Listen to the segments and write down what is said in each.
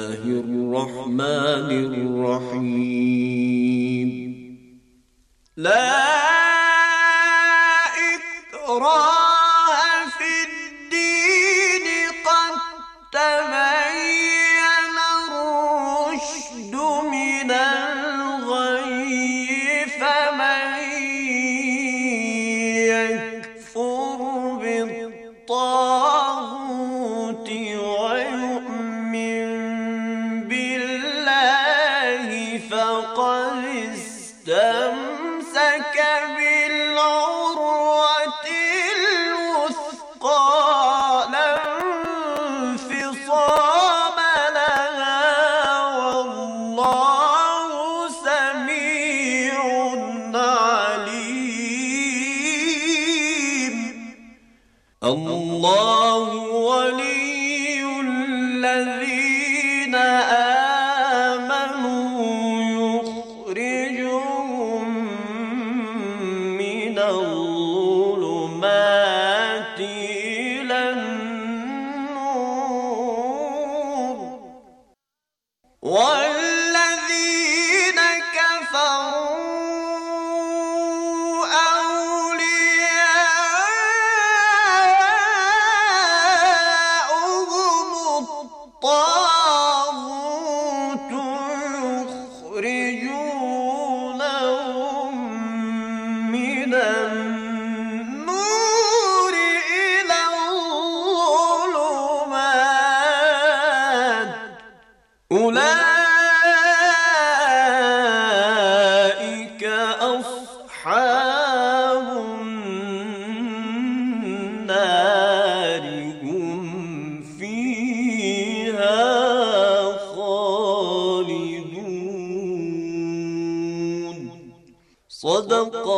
الله الرحمن الرحيم لا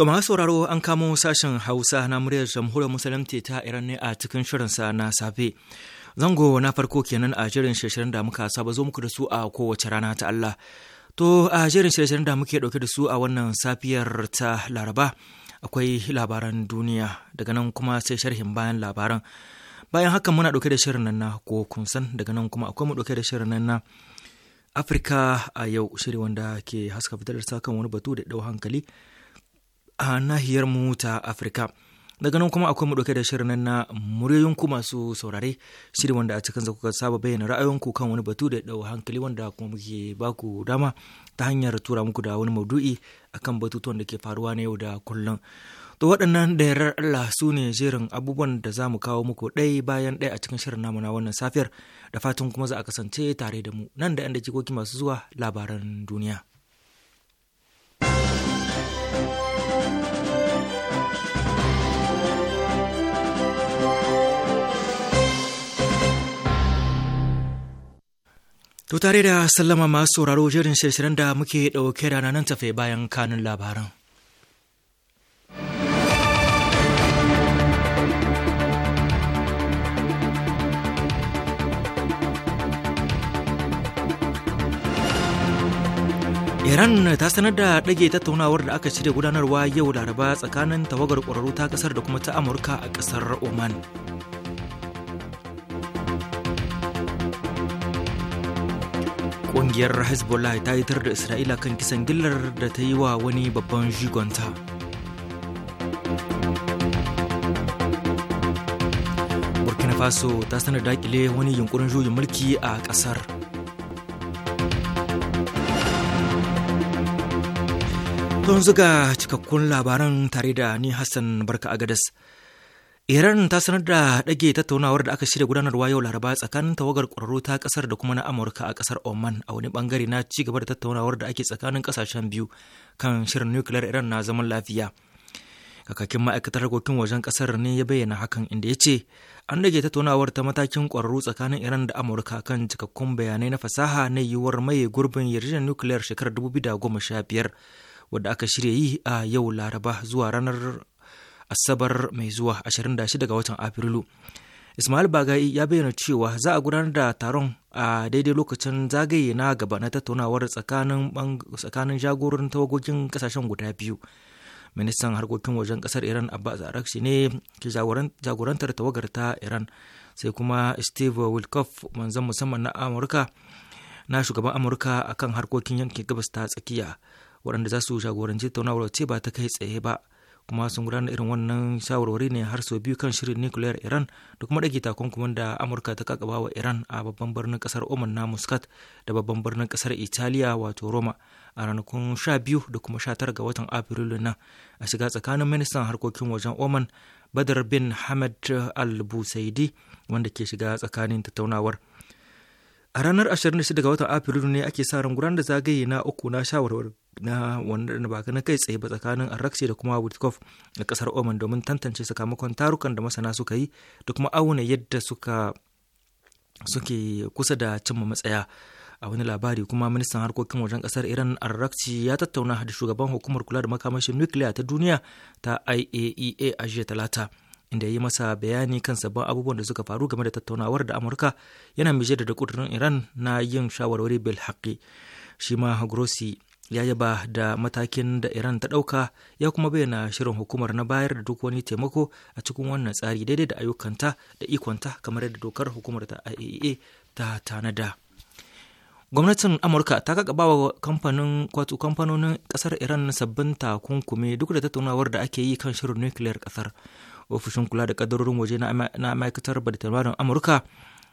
To masu sauraro an kamo sashen Hausa na muryar jamhuriyar Musulunci ta Iran ne a cikin shirinsa na safe. Zango na farko kenan a jirin shirin da muka saba zo muku da su a kowace rana ta Allah. To a jirin shirin da muke dauke da su a wannan safiyar ta Laraba akwai labaran duniya daga nan kuma sai sharhin bayan labaran. Bayan haka muna dauke da shirin nan na ko san daga nan kuma akwai mu dauke da shirin nan na Afirka a yau shiri wanda ke haska fitar da sakan wani batu da ɗau hankali a nahiyar mu ta Afirka. Daga nan kuma akwai mu dauke da shirin nan na muryoyin ku masu saurare shirin wanda a cikin kuka saba bayyana ra'ayoyinku kan wani batu da ɗau hankali wanda kuma muke baku dama ta hanyar tura muku da wani maudu'i akan batutuwan da ke faruwa na yau da kullum. To waɗannan da yarar Allah su ne jerin abubuwan da za mu kawo muku ɗai bayan ɗaya a cikin shirin namu na wannan safiyar da fatan kuma za a kasance tare da mu nan da 'yan dakikoki masu zuwa labaran duniya. To tare da sallama masu sauraro jerin shirshiren da muke ɗauke da nan tafe bayan kanun labaran. Iran ta sanar da ɗage tattaunawar da aka shirya gudanarwa yau laraba tsakanin tawagar ƙwararru ta ƙasar da kuma ta Amurka a ƙasar Oman. Ƙungiyar Hezbollah ta yitar da Isra'ila kan kisan gillar da ta yi wa wani babban jigonta Burkina Faso ta sanar dakile wani yunkurin juyin mulki a ƙasar. Don zuga cikakkun labaran tare da ni Hassan Barka Agadas. Iran ta sanar da ɗage tattaunawar da aka shirya gudanarwa yau Laraba tsakanin tawagar ƙwararru ta ƙasar da kuma na Amurka a ƙasar Oman a wani bangare na ci gaba da tattaunawar da ake tsakanin ƙasashen biyu kan shirin nukiliyar Iran na zaman lafiya. Kakakin ma'aikatar harkokin wajen ƙasar ne ya bayyana hakan inda ya ce an ɗage tattaunawar ta matakin ƙwararru tsakanin Iran da Amurka kan cikakkun bayanai na fasaha na yiwuwar maye gurbin yarjejeniyar nukiliyar shekarar 2015 wadda aka shirya yi a yau Laraba zuwa ranar asabar mai zuwa 26 ga watan afrilu ismail bagai ya bayyana cewa za a gudanar da taron a daidai lokacin zagaye na gaba na tattaunawar tsakanin jagorin tawagogin kasashen guda biyu ministan harkokin wajen kasar iran abbas arakshi ne ke jagorantar tawagar ta iran sai kuma steve wilkoff manzan musamman na amurka na shugaban amurka akan harkokin yankin gabas ta tsakiya waɗanda za su jagoranci tattaunawar ce ba ta kai tsaye ba kuma sun gudanar irin wannan shawarwari ne har sau biyu kan shirin nuclear iran da kuma ɗage takunkumin da amurka ta kakaba wa iran a babban birnin kasar oman na muscat da babban birnin kasar italiya wato roma a ranakun sha biyu da kuma sha tara ga watan afrilu nan a shiga tsakanin ministan harkokin wajen oman badar bin hamad al busaidi wanda ke shiga tsakanin tattaunawar a ranar 26 ga watan afrilu ne ake sa ran gudanar da zagaye na uku na shawarwar na wanda ba na kai tsaye ba tsakanin arrakce da kuma Wittkopf na kasar oman domin tantance sakamakon tarukan da masana suka yi da kuma auna yadda suka suke kusa da cimma matsaya a wani labari kuma ministan harkokin wajen kasar iran arrakci ya tattauna da shugaban hukumar kula da makamashin nukiliya ta duniya ta iaea e a jiya talata inda ya yi masa bayani kan sabbin abubuwan da suka faru game da tattaunawar da amurka yana mai da kudurin iran na yin shawarwari bil haƙi shi ma grossi ya yaba da matakin da iran ta ɗauka ya kuma bayyana shirin hukumar na bayar da duk wani taimako a cikin wannan tsari daidai da ayyukanta da ikonta kamar yadda dokar hukumar ta iaea e ta tanada gwamnatin amurka ta kaka wa kamfanin kamfanonin kasar iran sabbin takunkumi duk da tattaunawar da ake yi kan shirin nukiliyar kasar ofishin kula da kadarorin waje na ma'aikatar birtaniya amurka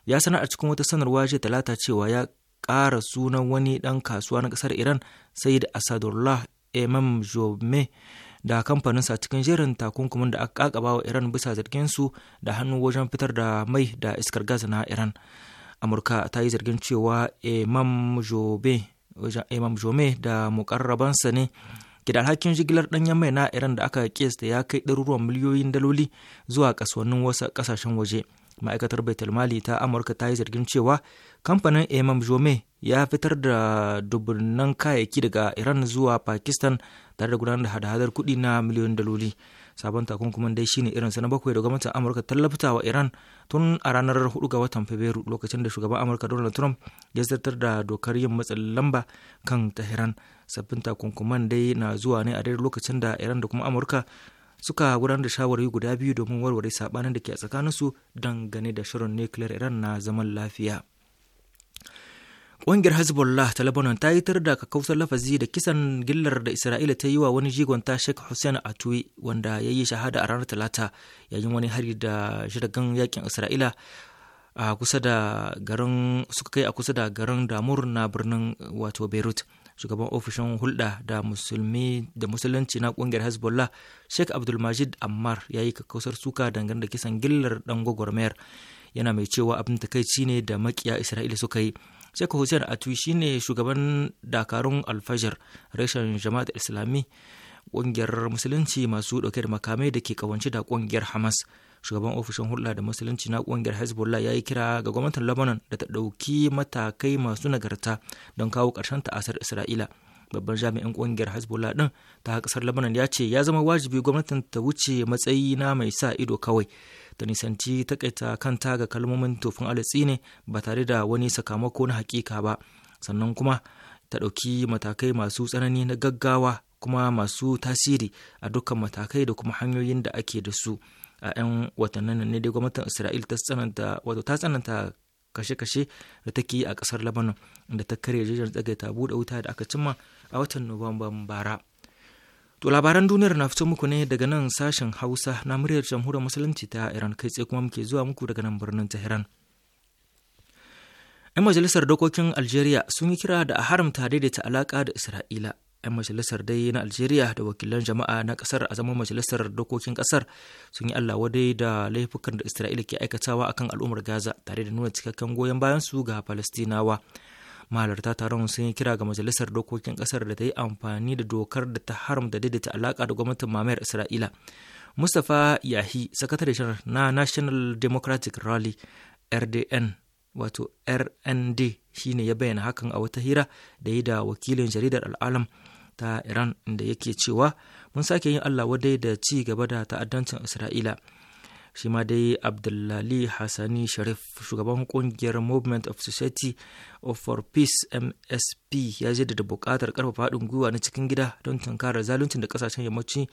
ya sanar a cikin wata sanarwa jiya talata cewa ya ƙara sunan wani ɗan kasuwa na ƙasar iran sayid asadullah imam jome da kamfaninsa cikin jerin takunkumin da aka kakaba wa iran bisa zarginsu da hannu wajen fitar da mai da iskar gas na iran amurka ta yi zargin cewa imam jome da mukarrabansa ne gida da jigilar ɗanyen mai na Iran da aka kiyasta ya kai ɗaruruwan miliyoyin daloli zuwa kasuwannin wasu ƙasashen waje. Ma'aikatar Baitul Mali ta Amurka ta yi zargin cewa kamfanin Imam Jome ya fitar da dubunnan kayayyaki daga Iran zuwa Pakistan tare da gudanar da hada-hadar kuɗi na miliyoyin daloli. Sabon takunkuman dai shine irin na bakwai da gwamnatin Amurka tallafta wa Iran tun a ranar 4 ga watan Fabrairu lokacin da shugaban Amurka Donald Trump ya zartar da dokar yin matsin lamba kan Tehran. sabbin takunkuman dai na zuwa ne a daidai lokacin da iran da kuma amurka suka gudanar da shawarwari guda biyu domin warware sabanin da ke a su dangane da shirin nukiliyar iran na zaman lafiya Ƙungiyar Hezbollah ta Lebanon ta yi tar da kakkausar lafazi da kisan gillar da Isra'ila ta yi wa wani ta Sheikh Hussein Atui wanda ya yi shahada a ranar Talata yayin wani hari da shirgan yakin Isra'ila a kusa da garin suka kai a kusa da garin Damur na birnin wato Beirut. shugaban ofishin hulɗa da musulmi da musulunci na ƙungiyar hezbollah sheikh abdulmajid ammar ya yi kakkausar suka dangane da kisan gillar dan gwagwarmayar yana mai cewa abin takaici ne da makiya isra'ila suka yi sheikh hussein atu shine shugaban dakarun alfajar reshen jama'at islami ƙungiyar musulunci masu ɗauke da makamai da ke kawance da ƙungiyar hamas shugaban ofishin hulɗa da musulunci na ƙungiyar hezbollah ya yi kira ga gwamnatin lebanon da ta ɗauki matakai masu nagarta don kawo ƙarshen ta'asar isra'ila babban jami'in ƙungiyar hezbollah ɗin ta ƙasar lebanon ya ce ya zama wajibi gwamnatin ta wuce matsayi na mai sa ido kawai ta nisanci takaita kanta ga kalmomin tofin alatsi ne ba tare da wani sakamako na hakika ba sannan kuma ta ɗauki matakai masu tsanani na gaggawa kuma masu tasiri a dukkan matakai da kuma hanyoyin da ake da su a 'yan watannin nan ne dai gwamnatin isra'il ta tsananta wato ta tsananta kashe-kashe da take yi a kasar labanon da ta karya jirgin ta buɗe wuta da aka cimma a watan nuwamban bara to labaran duniyar na fito muku ne daga nan sashen hausa na muryar jamhuriyar musulunci ta iran kai tsaye kuma muke zuwa muku daga nan birnin tehran 'yan majalisar dokokin algeria sun yi kira da a haramta daidaita alaka da isra'ila 'yan majalisar dai na algeria da wakilan jama'a na kasar a zaman majalisar dokokin kasar sun yi allah wadai da laifukan da isra'ila ke aikatawa akan al'ummar gaza tare da nuna cikakken goyon bayan su ga falastinawa mahalarta taron sun yi kira ga majalisar dokokin kasar da ta yi amfani da dokar da ta haramta daidaita alaka da gwamnatin mamayar isra'ila mustapha yahi sakatare na national democratic rally rdn wato rnd shine ya bayyana hakan a wata hira da yi da wakilin jaridar al'alam ta iran da yake cewa mun sake yin allah wadai da ci gaba da ta'addancin isra'ila shi ma dai abdullali hassani sharif shugaban kungiyar movement of society for peace msp ya je da bukatar karfafa haɗin gwiwa na cikin gida don tunkarar zaluncin da kasashen yammaci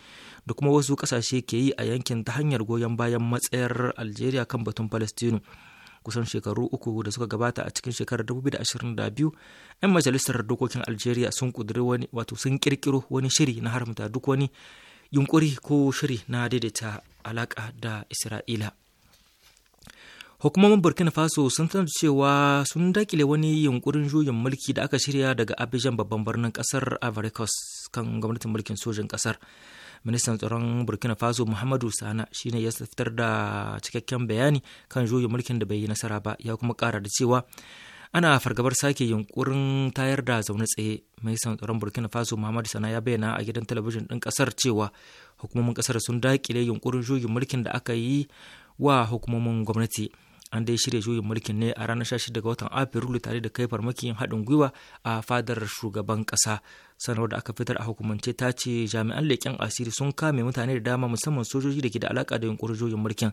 da kuma wasu kasashe ke yi a yankin ta hanyar goyon bayan matsayar algeria kan batun palestino kusan shekaru uku da suka gabata a cikin shekarar 2022 'yan majalisar dokokin algeria sun kudiri wani wato sun kirkiro wani shiri na haramta duk wani yunkuri ko shiri na daidaita alaka da isra'ila hukumomin burkina faso sun sanar cewa sun dakile wani yunkurin juyin mulki da aka shirya daga abijan babban birnin kasar ivory coast kan gwamnatin mulkin sojin kasar ministan tsaron burkina faso muhammadu sana shine ya fitar da cikakken bayani kan juyin mulkin da bai yi nasara ba ya kuma kara da cewa ana fargabar sake yunkurin tayar da zaune tsaye ministan san tsaron burkina faso muhammadu sana ya bayyana a gidan talabijin ɗin ƙasar cewa hukumomin ƙasar sun dakile yunkurin juyin mulkin da aka yi wa hukumomin gwamnati an dai shirya juyin mulkin ne a ranar 16 ga watan afrilu tare da kai farmakin haɗin gwiwa a fadar shugaban ƙasa sanarwar da aka fitar a hukumance ta ce jami'an leƙen asiri sun kame mutane da dama musamman sojoji da ke da alaƙa da yunkurin juyin mulkin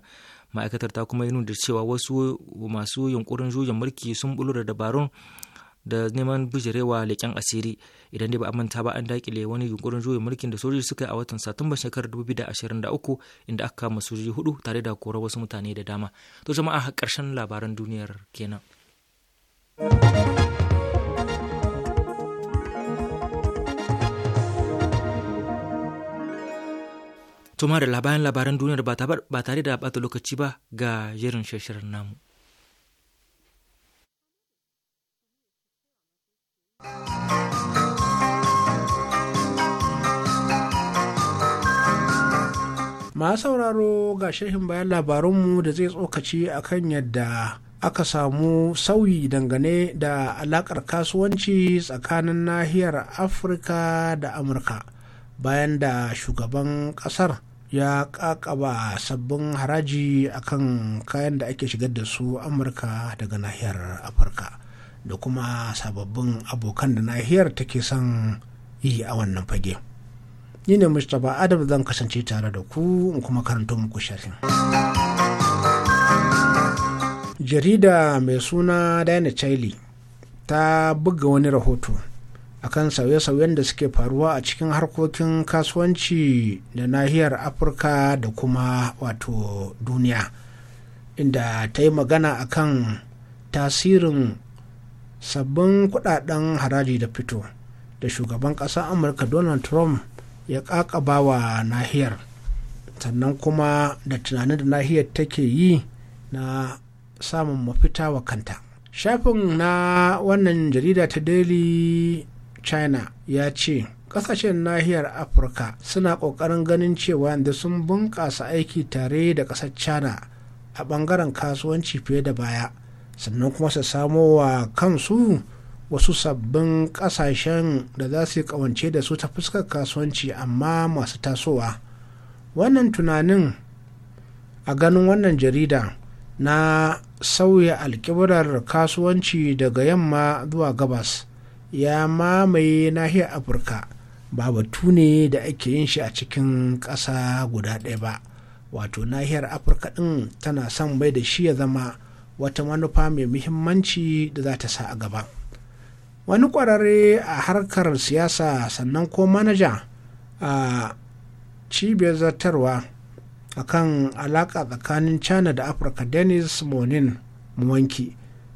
ma'aikatar ta kuma yi nuna da cewa wasu masu yunkurin juyin mulki sun bulo da dabarun da neman bijirewa leƙen asiri idan dai ba a manta ba an dakile wani yunkurin juya mulkin da sojoji suka yi a watan satumba shekarar 2023 inda aka kama sojoji hudu tare da korar wasu mutane da dama to jama'a karshen labaran duniyar kenan tuma da labaran labaran duniyar ba tare da bata lokaci ba ga yirin shirin namu Ma sauraro ga sharhin bayan labarunmu da zai tsokaci akan yadda aka samu sauyi dangane da alakar kasuwanci tsakanin nahiyar afirka da amurka bayan da shugaban kasar ya kakaba sabbin haraji akan kayan da ake shigar da su amurka daga nahiyar afirka da kuma sababbin abokan da nahiyar take son yi a wannan fage. ni ne mustapha adam zan kasance tare da ku in kuma karanto muku shafin jarida mai suna daina chile ta buga wani rahoto akan sauye-sauyen da suke faruwa a cikin harkokin kasuwanci da nahiyar afirka da kuma wato duniya inda ta yi magana akan tasirin sabbin kudaden haraji da fito da shugaban ƙasa amurka donald trump ya kakaba wa nahiyar sannan kuma da tunanin da nahiyar take yi na samun mafita wa kanta shafin na wannan jarida ta daily china ya ce kasashen nahiyar afirka suna ƙoƙarin ganin cewa da sun bunƙasa aiki tare da kasar china a ɓangaren kasuwanci fiye da baya sannan kuma su samo wa kansu wasu sabbin kasashen da za su kawance da su ta fuskar kasuwanci amma masu tasowa wannan tunanin a ganin wannan jarida na sauya alkibirar kasuwanci daga yamma zuwa gabas ya mamaye nahiyar afirka ba batu ne da ake yin shi a cikin ƙasa guda ɗaya ba wato nahiyar afirka ɗin tana son bai da shi ya zama wata manufa mai muhimmanci da za ta sa a gaba. wani kwararre a harkar siyasa sannan ko manaja a cibiyar zartarwa a kan alaƙa tsakanin china da afirka dennis monin muwanki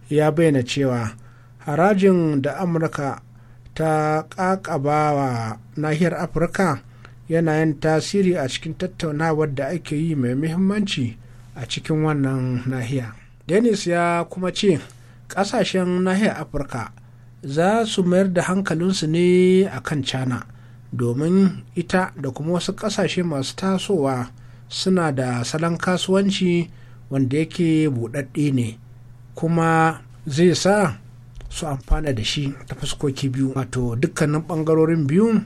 ya bayyana cewa harajin da amurka ta ƙaƙabawa nahiyar afirka yana yin tasiri a cikin tattaunawar da ake yi mai muhimmanci a cikin wannan nahiya dennis ya kuma ce ƙasashen nahiyar afirka za su mayar da hankalinsu ne a kan cana domin ita da kuma wasu kasashe masu tasowa suna da salon kasuwanci wanda yake buɗaɗɗe ne kuma zai sa su amfana da shi ta fuskoki biyu wato dukkanin ɓangarorin biyu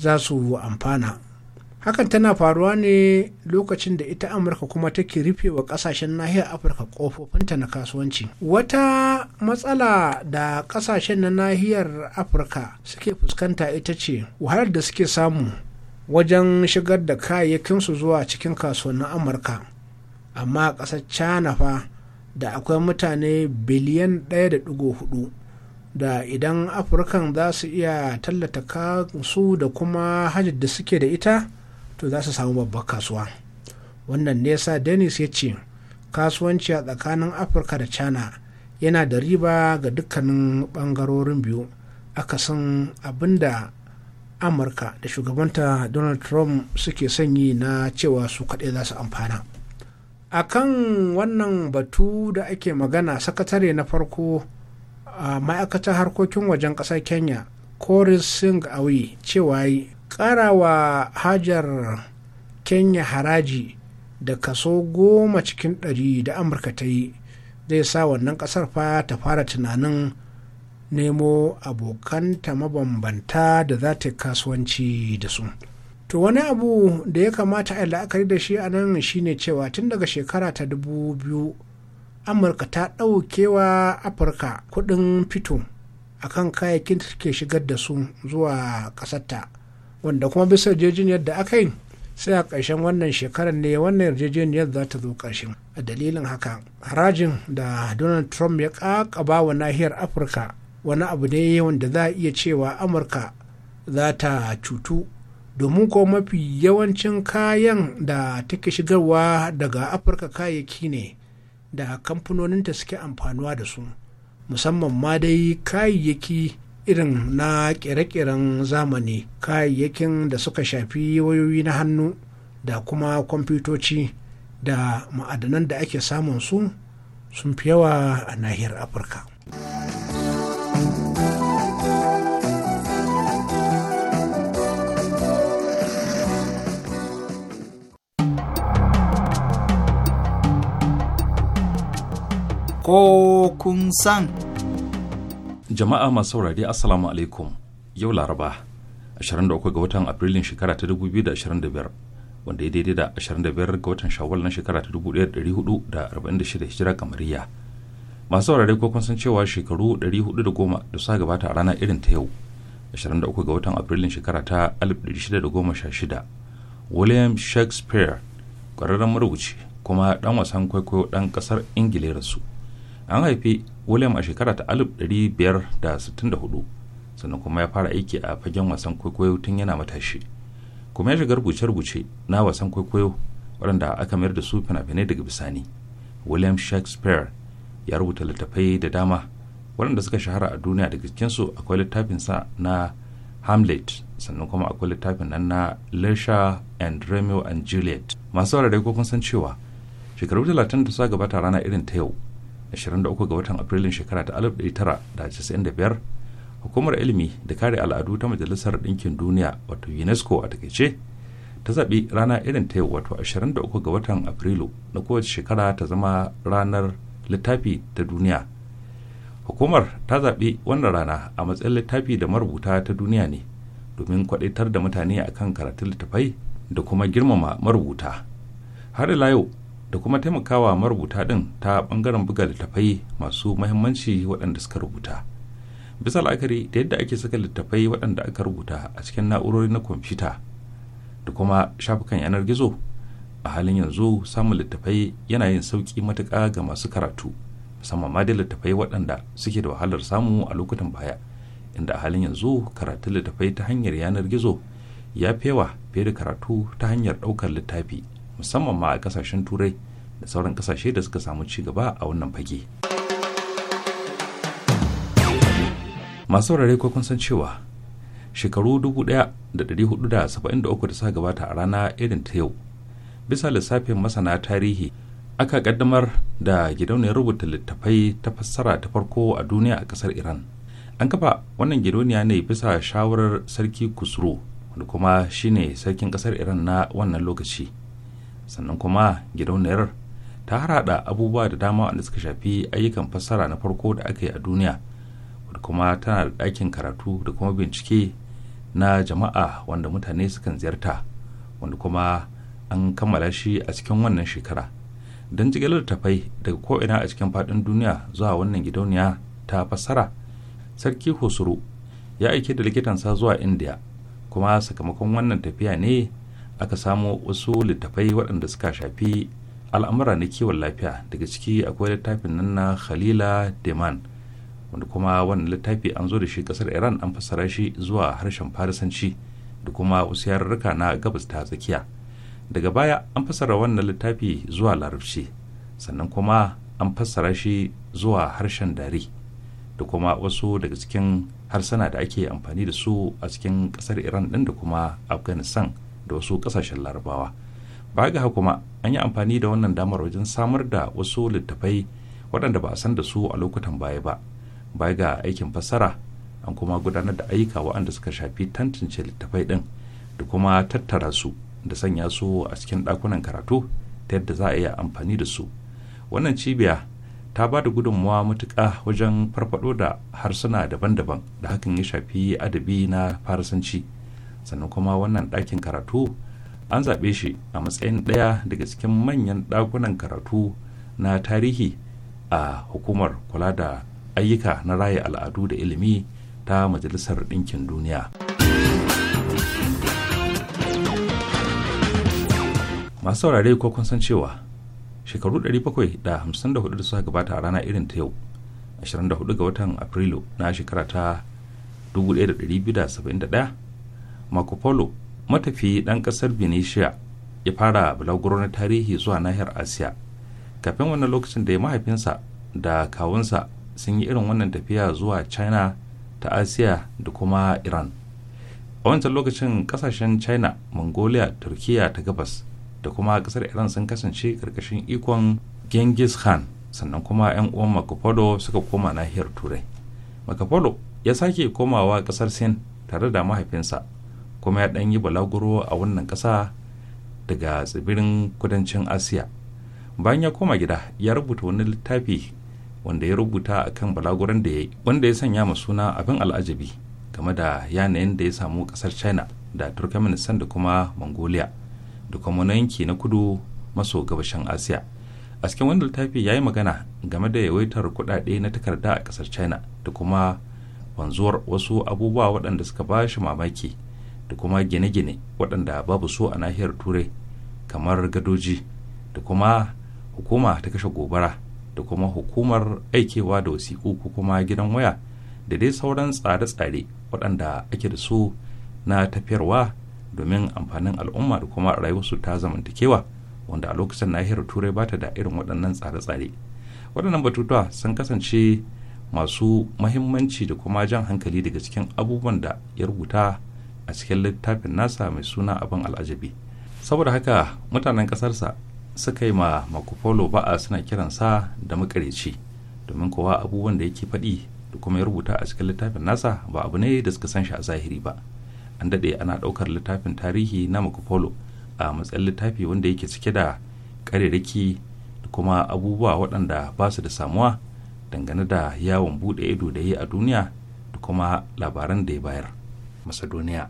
za su amfana hakan tana faruwa ne lokacin da ita amurka kuma take rufe wa kasashen nahiyar afirka kofofinta na kasuwanci wata matsala da kasashen na nahiyar afirka suke fuskanta ita ce wahalar da suke samu wajen shigar da kayayyakinsu zuwa cikin kasuwannin amurka amma a ƙasar china fa da akwai mutane biliyan 1.4 da idan afirkan za su iya tallata kansu da kuma hajjar da suke da ita to za su samu babbar kasuwa wannan nesa yasa dennis ya ce kasuwanci a tsakanin afirka da china yana da riba ga dukkanin bangarorin biyu akasin abinda amurka da shugabanta donald trump suke sanyi na cewa su kaɗai za su amfana a kan wannan batu da ake magana sakatare na farko a ma'aikatar harkokin wajen ƙasar kenya coris singh awi cewa ƙarawa hajar kenya haraji da kaso goma cikin ɗari da amurka ta yi zai sa wannan ƙasar fa ta fara tunanin nemo abokanta mabambanta da za ta kasuwanci da su to wani abu da ya kamata a la'akari da shi a nan shine cewa tun daga shekara ta dubu biyu amurka ta ɗaukewa afirka kuɗin fito akan kayayyakin da ke shigar da su zuwa ƙasarta wanda kuma bisa yarjejeniyar da aka yi sai a ƙarshen wannan shekarar ne wannan yarjejeniyar za ta zo ƙarshen a dalilin haka harajin da donald trump ya ƙaƙaba wa nahiyar afirka wani abu ne wanda za a iya cewa amurka za ta cutu domin ko mafi yawancin kayan da take shigarwa daga afirka kayayyaki ne da kamfanoninta suke amfanuwa da su musamman ma dai kayayyaki irin na kere-keren zamani kayayyakin da suka shafi wayoyi na hannu da kuma kwamfutoci da ma'adanan da ake samun su sun fi yawa a nahiyar afirka ko kun san jama'a masu saurari assalamu alaikum yau laraba 23 ga watan afrilun shekara ta 2025 wanda ya daidai da 25 ga watan shawwal na shekara ta 1446 hijira kamariya masu saurari ko kun san cewa shekaru 410 da suka gabata a rana irin ta yau 23 ga watan afrilun shekara ta 1616 william shakespeare kwararren marubuci kuma dan wasan kwaikwayo dan kasar ingila rasu an haifi william a shekara ta 1564 sannan kuma ya fara aiki a fagen wasan kwaikwayo tun yana matashi kuma ya shiga rubuce-rubuce na wasan kwaikwayo waɗanda aka mayar da su fina-finai daga bisani william shakespeare ya rubuta littattafai da dama waɗanda suka shahara a duniya daga cikinsu akwai littafinsa na hamlet sannan kuma akwai littafin nan na lesha and romeo and juliet masu wara ko kun san cewa shekaru talatin da suka gabata rana irin ta yau 23 ga watan afrilun shekara ta 1995 hukumar ilimi da kare al'adu ta majalisar ɗinkin duniya wato unesco a takaice ta zaɓi rana irin ta yau wato 23 ga watan afrilu na kowace shekara ta zama ranar littafi ta duniya hukumar ta zaɓi wannan rana a matsayin littafi da marubuta ta duniya ne domin kwaɗaitar da mutane akan karatun littafai da kuma girmama marubuta har ila yau da kuma taimakawa marubuta din ta bangaren buga littafai masu mahimmanci waɗanda suka rubuta bisa la'akari da yadda ake saka littafai waɗanda aka rubuta a cikin na'urori na kwamfuta da kuma shafukan yanar gizo a halin yanzu samun littafai yana yin sauƙi matuƙa ga masu karatu musamman ma da littafai waɗanda suke da wahalar samu a lokutan baya inda a halin yanzu karatun littafai ta hanyar yanar gizo ya fewa fiye da karatu ta hanyar ɗaukar littafi musamman ma a kasashen turai da sauran kasashe da suka samu ci gaba a wannan fage masu saurare ko kun san cewa shekaru 1473 da sa gabata a rana irin ta yau bisa lissafin masana tarihi aka kaddamar da gidauniyar rubuta littafai ta fassara ta farko a duniya a kasar iran an kafa wannan gidauniya ne bisa shawarar sarki kusuro wanda kuma shine sarkin kasar iran na wannan lokaci sannan kuma gidauniyar ta harada abubuwa da dama wanda suka shafi ayyukan fassara na farko da aka yi a duniya wadda kuma tana da ɗakin karatu da kuma bincike na jama'a wanda mutane sukan ziyarta wanda kuma an kammala shi a cikin wannan shekara don jigilar tafai daga ko'ina a cikin faɗin duniya zuwa wannan gidauniya ta fassara sarki hosuru ya aike da likitansa zuwa indiya kuma sakamakon wannan tafiya ne aka samo wasu littafai waɗanda suka shafi al'amura na kiwon lafiya daga ciki akwai littafin nan na khalila deman wanda kuma wannan littafi an zo da shi ƙasar iran an fassara shi zuwa harshen farisanci da kuma wasu yarurruka na gabas ta tsakiya daga baya an fassara wannan littafi zuwa larabci sannan kuma an fassara shi zuwa harshen dari da kuma wasu daga cikin harsana da ake amfani da su a cikin ƙasar iran ɗin da kuma afghanistan da wasu kasashen larabawa baya ga kuma an yi amfani da wannan damar wajen samar da wasu littafai waɗanda ba a san da su a lokutan baya ba baya ga aikin fassara an kuma gudanar da ayyuka waɗanda suka shafi tantance littafai ɗin da kuma tattara su da sanya su a cikin ɗakunan karatu ta yadda za a iya amfani da su wannan cibiya ta ba da gudunmuwa matuƙa wajen farfaɗo da harsuna daban-daban da hakan ya shafi adabi na farasanci. sannan kuma wannan ɗakin karatu an zaɓe shi a matsayin ɗaya daga cikin manyan ɗakunan karatu na tarihi a hukumar kula da ayyuka na raya al'adu da ilimi ta majalisar ɗinkin duniya masu saurare ko kun san cewa shekaru 754 da suka gabata a rana irin ta yau 24 ga watan afrilu na shekara ta 1271 marco polo matafi ɗan ƙasar venetia ya fara bulaguro na tarihi zuwa nahiyar asiya kafin wannan lokacin da ya mahaifinsa da kawunsa sun yi irin wannan tafiya zuwa china ta asiya da kuma iran a wancan lokacin ƙasashen china mongolia turkiya ta gabas da kuma ƙasar iran sun kasance ƙarƙashin ikon genghis khan sannan kuma 'yan uwan makapolo suka koma nahiyar turai makapolo ya sake komawa ƙasar sin tare da mahaifinsa kuma ya ɗan yi balaguro a wannan ƙasa daga tsibirin kudancin asiya bayan ya koma gida ya rubuta wani littafi wanda ya rubuta a kan balaguran da ya yi wanda ya sanya ma suna abin al'ajabi game da yanayin da ya samu ƙasar china da turkmenistan da kuma mongolia da kuma yanki na kudu maso gabashin asiya a cikin wani littafi ya yi magana game da yawaitar kuɗaɗe na takarda a ƙasar china da kuma wanzuwar wasu abubuwa waɗanda suka ba shi mamaki da kuma gine-gine waɗanda babu so a nahiyar turai kamar gadoji da kuma hukuma ta kashe gobara da kuma hukumar aikewa da wasiƙu ko kuma gidan waya da dai sauran tsare-tsare waɗanda ake da su na tafiyarwa domin amfanin al'umma da kuma rayuwarsu ta zamantakewa wanda a lokacin nahiyar turai ba ta da irin waɗannan tsare-tsare waɗannan batutuwa sun kasance masu mahimmanci da kuma jan hankali daga cikin abubuwan da ya rubuta a cikin littafin nasa mai suna abin al'ajabi saboda haka mutanen ƙasarsa suka yi ma makufolo ba'a suna kiransa da makareci domin kowa abubuwan da yake faɗi da kuma ya rubuta a cikin littafin nasa ba abu ne da suka san shi a zahiri ba an daɗe ana ɗaukar littafin tarihi na makufolo a matsayin littafi wanda yake cike da ƙarerriki da kuma abubuwa waɗanda ba su da samuwa dangane da yawon buɗe ido da yi a duniya da kuma labaran da ya bayar macedonia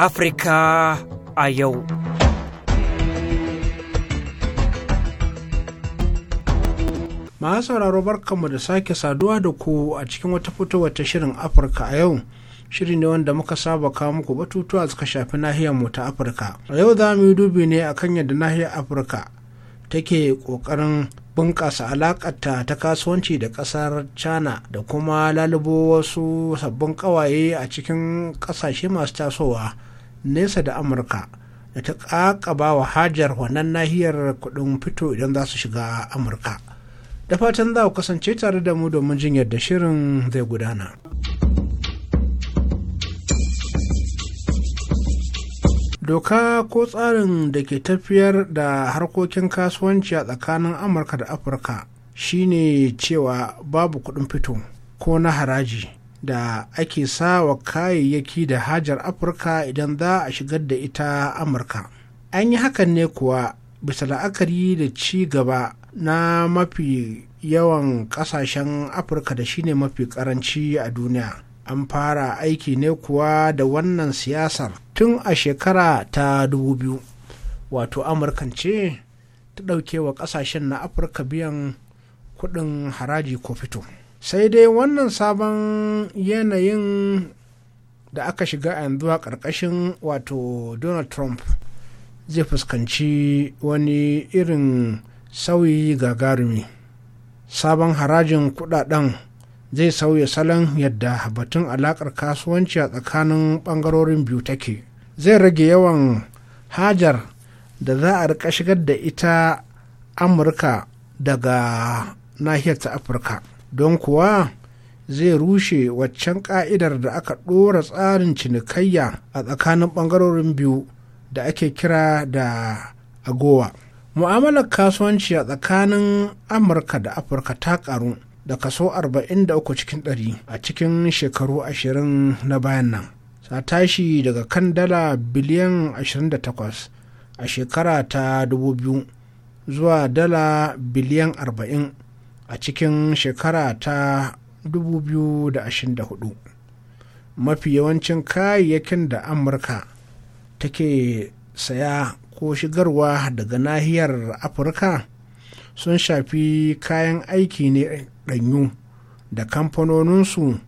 Afirka a yau. Masu sauraro barkanmu da sake saduwa da ku a cikin wata fitowar ta shirin Afirka a yau. Shiri ne wanda muka saba kawo muku batutuwa suka shafi nahiyar mu ta Afirka. A yau za mu yi dubi ne a kan yadda nahiyar Afirka take ƙoƙarin bunƙasa alaƙarta ta kasuwanci da ƙasar china da kuma lalubo wasu sabbin ƙawaye a cikin ƙasashe masu tasowa nesa da amurka da ta kakaba wa hajar wannan nahiyar kuɗin fito idan za su shiga amurka da fatan za ku kasance tare da mu domin jin yadda shirin zai gudana doka ko tsarin da ke tafiyar da harkokin kasuwanci a tsakanin amurka da afirka shine cewa babu kudin fito ko na haraji da ake sa wa kayayyaki da hajar afirka idan za a shigar da ita amurka an yi hakan ne kuwa bisa la'akari da ci gaba na mafi yawan kasashen afirka da shine mafi karanci a duniya an fara aiki ne kuwa da wannan siyasar tun a shekara ta dubu biyu, wato Amurkance ta ɗauke wa ƙasashen na afirka biyan kuɗin haraji ko fito. sai dai wannan sabon yanayin da aka shiga yanzu a ƙarƙashin wato donald trump zai fuskanci wani irin sauyi gagarumi sabon harajin kudaden zai sauya salon yadda batun alaƙar kasuwanci a tsakanin ɓangarorin biyu take zai rage yawan hajar da za a rika shigar da ita amurka daga nahiyar ta afirka don kuwa zai rushe waccan ka'idar da aka ɗora tsarin cinikayya a tsakanin ɓangarorin biyu da ake kira da agowa mu'amalar kasuwanci a tsakanin amurka da afirka ta karu da kaso 43 cikin 100 a cikin shekaru 20 na bayan nan ta tashi daga kan dala biliyan 28 a shekara ta 2000 zuwa dala biliyan 40 a cikin shekara ta 2024 mafi yawancin kayayyakin da amurka take saya ko shigarwa daga nahiyar afirka sun shafi kayan aiki ne ɗanyu da kamfanoninsu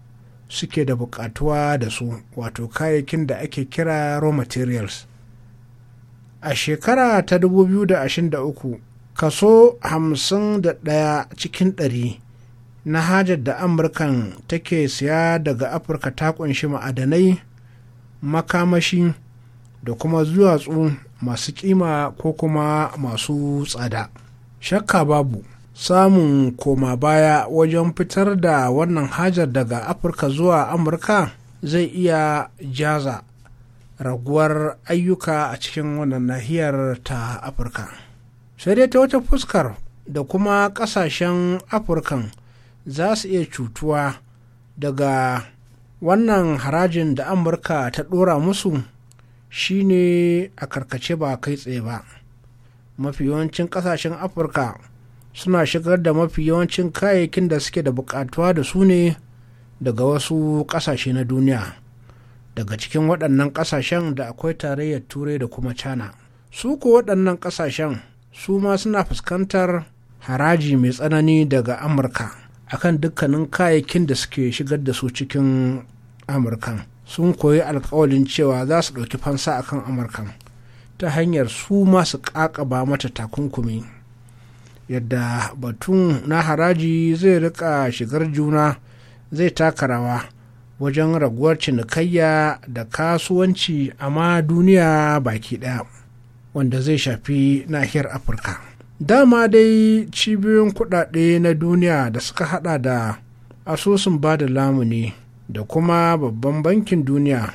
suke da buƙatuwa da su wato kayayyakin da ake kira raw materials a shekara ta 2023 kaso 51 cikin ɗari na hajar da amurkan take siya daga afirka ta kunshi ma'adanai makamashi da kuma duwatsu masu kima ko kuma masu tsada shakka babu samun koma baya wajen fitar da wannan hajar daga afirka zuwa amurka zai iya jaza raguwar ayyuka a cikin wannan nahiyar ta afirka sai dai ta wata fuskar da kuma kasashen afirkan za su iya cutuwa daga wannan harajin da amurka ta dora musu shine a karkace ba kai tsaye ba mafi yawancin kasashen afirka suna shigar da mafi yawancin kayayyakin da suke da bukatuwa da su ne daga wasu kasashe na duniya daga cikin waɗannan kasashen da akwai tarayyar turai da kuma cana su ko waɗannan kasashen su ma suna fuskantar haraji mai tsanani daga amurka akan dukkanin kayayyakin da suke shigar da su cikin amurkan sun koyi alkawalin cewa za su ɗauki fansa akan amurkan ta hanyar su masu ƙaƙaba mata takunkumi yadda batun na haraji zai rika shigar juna zai taka rawa wajen raguwar cinikayya da kasuwanci amma duniya baki ɗaya wanda zai shafi nahiyar afirka dama dai cibiyoyin kudade na duniya da suka hada da asusun ba da lamuni da kuma babban bankin duniya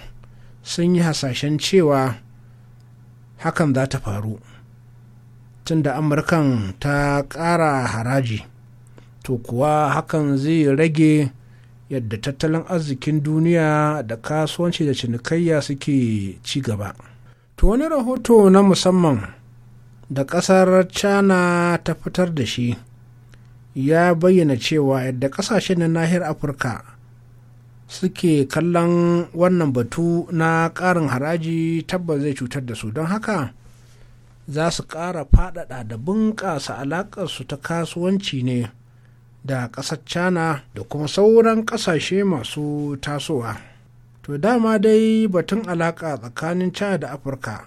sun yi hasashen cewa hakan za ta faru tunda amurkan ta ƙara haraji to kuwa hakan zai rage yadda tattalin arzikin duniya da kasuwanci da cinikayya suke ci gaba. to wani rahoto na musamman da ƙasar china ta fitar da shi ya bayyana cewa yadda ƙasashen na nahiyar afirka suke kallon wannan batu na ƙarin haraji tabbas zai cutar da su don haka za su ƙara faɗaɗa da bunƙasa alaƙarsu ta kasuwanci ne da ƙasar china da kuma sauran ƙasashe masu tasowa. to dama dai batun alaka tsakanin china da afirka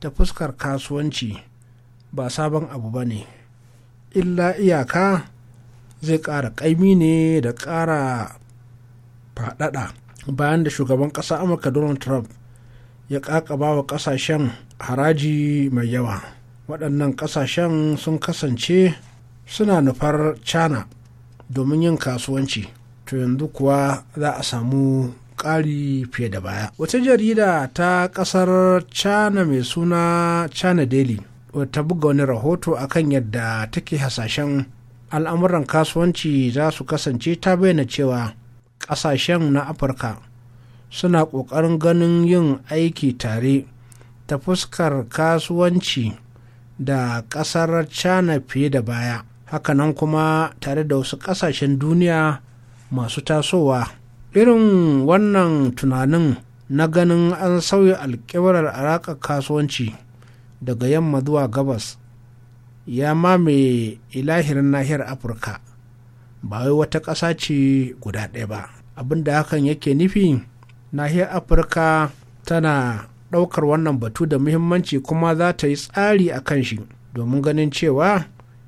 ta fuskar kasuwanci ba sabon abu ba ne illa iyaka zai ƙara ƙaimi ne da ƙara faɗaɗa bayan da shugaban ƙasa amurka donald trump ya ƙaƙaba wa ƙasashen haraji mai yawa waɗannan ƙasashen sun kasance suna nufar china domin yin kasuwanci to yanzu kuwa za a samu ƙari fiye da baya wata jarida ta ƙasar china mai suna china daily ta buga wani rahoto akan yadda take hasashen al'amuran kasuwanci za su kasance ta bayyana cewa ƙasashen na afirka suna ƙoƙarin ganin yin aiki tare ta fuskar kasuwanci da ƙasar china fiye da baya hakanan kuma tare da wasu ƙasashen duniya masu tasowa irin wannan tunanin na ganin an sauya alkibirar araƙa kasuwanci daga yamma zuwa gabas ya mamaye ilahirin nahiyar afirka ba wai wata ƙasa ce guda ɗaya ba abin da hakan yake nufi nahiyar afirka tana ɗaukar wannan batu da muhimmanci kuma za ta yi tsari a kan shi domin ganin cewa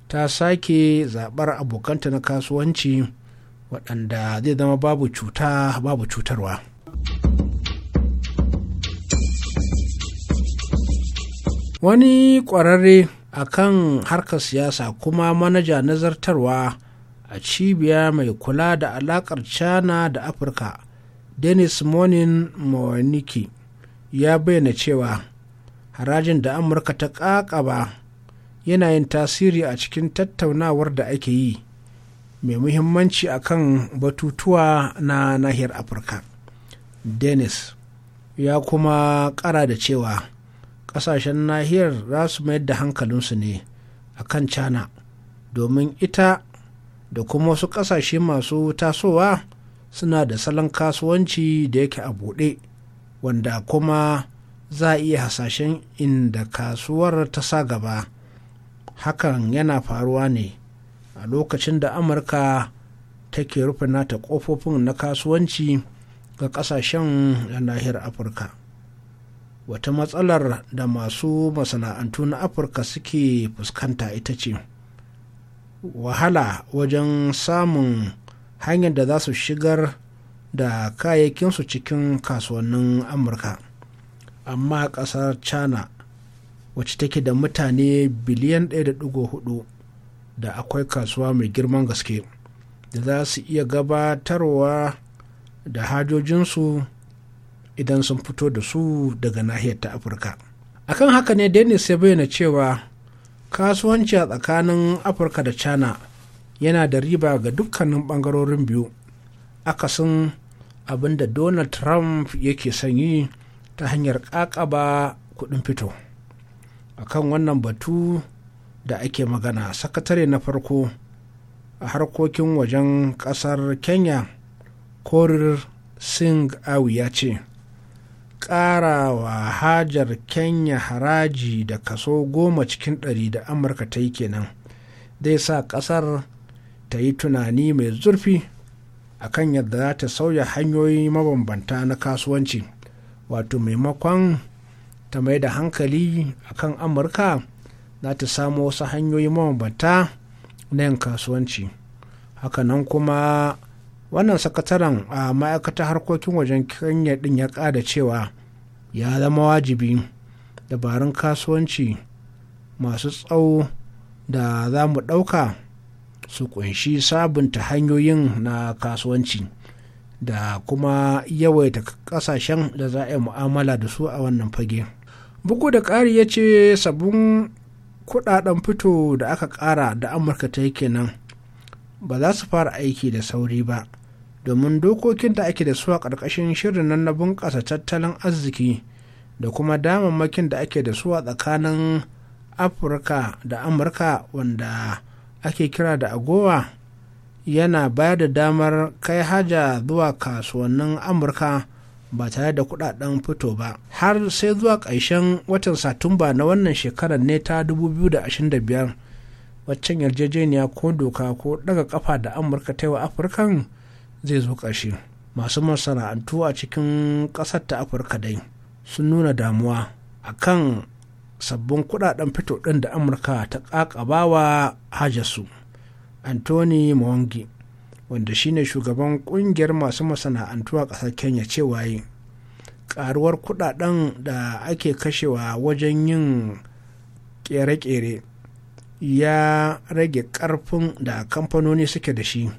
ta sake zaɓar abokanta na kasuwanci waɗanda zai zama babu cuta babu cutarwa wani ƙwararre a kan harkar siyasa kuma manaja nazartarwa a cibiya mai kula da alaƙar cana da afirka dennis monin mawaniki ya bayyana cewa harajin da amurka ta ƙaƙaba yana yin tasiri a cikin tattaunawar da ake yi mai muhimmanci akan batutuwa na nahiyar afirka dennis ya kuma kara da cewa kasashen nahiyar za su mayar da hankalinsu ne a kan china domin ita da kuma wasu kasashe masu tasowa suna da salon kasuwanci da yake a buɗe wanda kuma za a iya hasashen inda kasuwar ta sa gaba hakan yana faruwa ne a lokacin da amurka take rufe nata kofofin na kasuwanci ga kasashen nahiyar afirka wata matsalar da masu masana'antu na afirka suke fuskanta ita ce wahala wajen samun hanyar da za su shigar da kayayyakinsu cikin kasuwannin amurka amma kasar china wacce take da mutane biliyan 1.4 da akwai kasuwa mai girman gaske da za su iya gabatarwa da hajojinsu idan sun fito da su daga nahiyar ta afirka akan haka ne dennis ya bayyana cewa kasuwanci a tsakanin afirka da china yana da riba ga dukkanin bangarorin biyu akasin abin da donald trump yake son yi ta hanyar kakaba kudin fito akan wannan batu da ake magana sakatare na farko a harkokin wajen kasar kenya korir singh awi ya ce ƙarawa hajar kenya haraji da kaso goma cikin ɗari da amurka ta yi kenan zai sa ƙasar ta yi tunani mai zurfi a kan yadda za ta sauya hanyoyi mabambanta na kasuwanci wato maimakon ta mai da hankali akan amurka za ta samu wasu hanyoyi mabambanta na yin kasuwanci hakanan kuma wannan sakataren a ma'aikatar harkokin wajen kenya din ya kada cewa ya zama wajibi dabarun kasuwanci masu tsawo da za mu ɗauka su kunshi sabunta hanyoyin na kasuwanci da kuma yawaita ƙasashen da za a yi mu'amala da su a wannan fage bugu da ƙari ya ce sabbin kudaden fito da aka kara da amurka ta yi kenan ba za su fara aiki da sauri ba domin dokokin da ake da su a ƙarƙashin shirin nan na bunƙasa tattalin arziki da kuma damammakin da ake da su a tsakanin afirka da amurka wanda ake kira da agowa yana bayar da damar kai haja zuwa kasuwannin amurka ba tare da kudaden fito ba har sai zuwa ƙarshen watan satumba na wannan shekarar ne ta 2025 waccan yarjejeniya ko doka ko daga kafa da amurka ta yi wa afirkan zai zo ƙarshe masu masana'antu a cikin ƙasar ta afirka dai sun nuna damuwa A kan sabbin kudaden fito ɗin da amurka ta ƙaƙabawa hajarsu anthony mwangi wanda shine shugaban kungiyar masu masana'antu a ƙasar kenya cewa yi karuwar kudaden da ake kashewa wajen yin ƙere-ƙere ya rage ƙarfin da kamfanoni suke da shi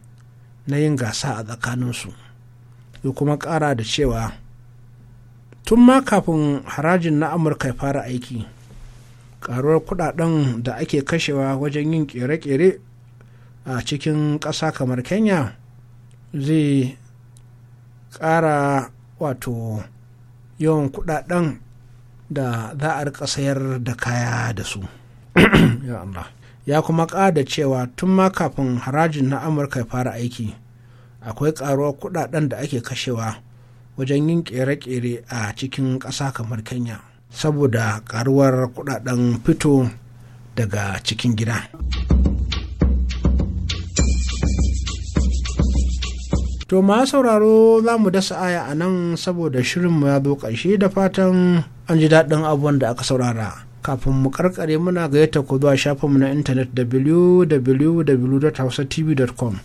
na yin gasa a tsakaninsu ya kuma ƙara da cewa tun ma kafin harajin na amurka ya fara aiki ƙaruwar kudaden da ake kashewa wajen yin ƙere-ƙere. a cikin ƙasa kamar kenya zai ƙara wato yawan kudaden da za a rika sayar da kaya da su ya kuma ƙada cewa tun ma kafin harajin na amurka ya fara aiki akwai ƙaruwar kudaden da ake kashewa wajen yin ƙere-ƙere a cikin ƙasa kamar kenya saboda ƙaruwar kudaden fito daga cikin gida. to ma sauraro za mu dasa aya a nan saboda shirinmu ya zo ƙarshe da fatan an ji daɗin abubuwan da aka saurara kafin mu karkare muna gayyata ku zuwa shafinmu na intanet www.hausatv.com